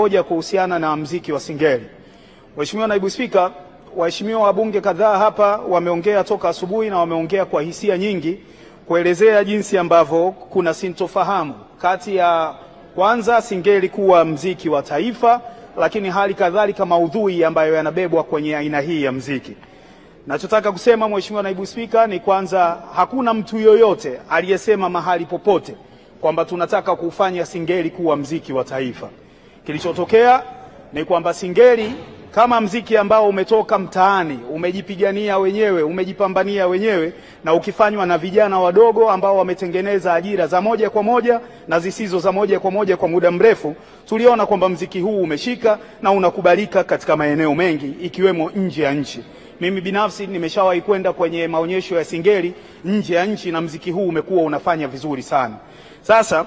Hoja kuhusiana na mziki wa Singeli. Mheshimiwa Naibu Spika, waheshimiwa wabunge kadhaa hapa wameongea toka asubuhi na wameongea kwa hisia nyingi kuelezea jinsi ambavyo kuna sintofahamu kati ya kwanza Singeli kuwa mziki wa taifa, lakini hali kadhalika maudhui ambayo yanabebwa kwenye aina hii ya mziki. Nachotaka kusema Mheshimiwa Naibu Spika ni kwanza, hakuna mtu yoyote aliyesema mahali popote kwamba tunataka kufanya Singeli kuwa mziki wa taifa. Kilichotokea ni kwamba Singeli kama mziki ambao umetoka mtaani, umejipigania wenyewe, umejipambania wenyewe, na ukifanywa na vijana wadogo ambao wametengeneza ajira za moja kwa moja na zisizo za moja kwa moja kwa muda mrefu, tuliona kwamba mziki huu umeshika na unakubalika katika maeneo mengi ikiwemo nje ya nchi. Mimi binafsi nimeshawahi kwenda kwenye maonyesho ya Singeli nje ya nchi na mziki huu umekuwa unafanya vizuri sana. Sasa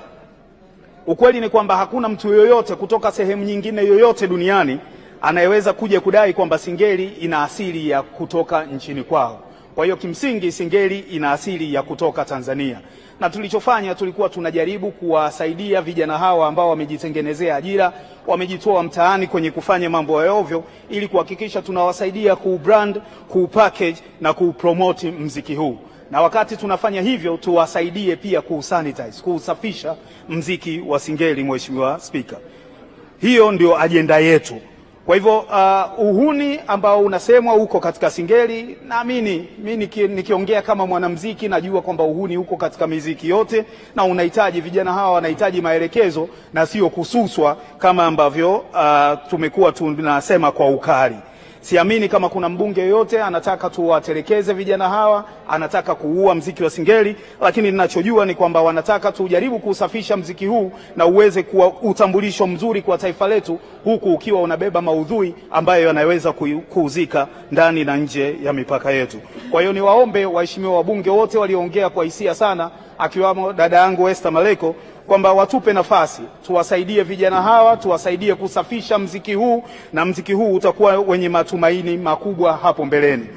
Ukweli ni kwamba hakuna mtu yoyote kutoka sehemu nyingine yoyote duniani anayeweza kuja kudai kwamba Singeli ina asili ya kutoka nchini kwao. Kwa hiyo kimsingi Singeli ina asili ya kutoka Tanzania, na tulichofanya tulikuwa tunajaribu kuwasaidia vijana hawa ambao wamejitengenezea ajira, wamejitoa mtaani kwenye kufanya mambo ya ovyo, ili kuhakikisha tunawasaidia kuubrand, kuupackage na kuupromoti mziki huu na wakati tunafanya hivyo tuwasaidie pia kuusanitize, kuusafisha mziki wa Singeli. Mheshimiwa Spika, hiyo ndio ajenda yetu. Kwa hivyo uh, uhuni ambao unasemwa uko katika Singeli, naamini mi nikiongea kama mwanamziki najua kwamba uhuni uko katika miziki yote, na unahitaji vijana hawa wanahitaji maelekezo na sio kususwa kama ambavyo uh, tumekuwa tunasema kwa ukali. Siamini kama kuna mbunge yoyote anataka tuwatelekeze vijana hawa, anataka kuua mziki wa Singeli, lakini ninachojua ni kwamba wanataka tujaribu kusafisha mziki huu na uweze kuwa utambulisho mzuri kwa taifa letu, huku ukiwa unabeba maudhui ambayo yanaweza kuuzika ndani na nje ya mipaka yetu. Kwa hiyo niwaombe waheshimiwa wabunge wote walioongea kwa hisia sana, akiwamo dada yangu Esther Maleko kwamba watupe nafasi tuwasaidie vijana hawa, tuwasaidie kusafisha mziki huu, na mziki huu utakuwa wenye matumaini makubwa hapo mbeleni.